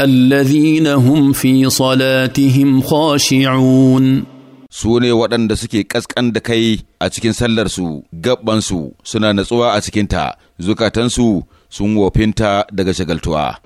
الذين هم في صلاتهم خاشعون su ne waɗanda suke ƙasƙan da kai a cikin sallarsu gaɓansu suna natsuwa a cikinta zukatansu sun wofinta daga shagaltuwa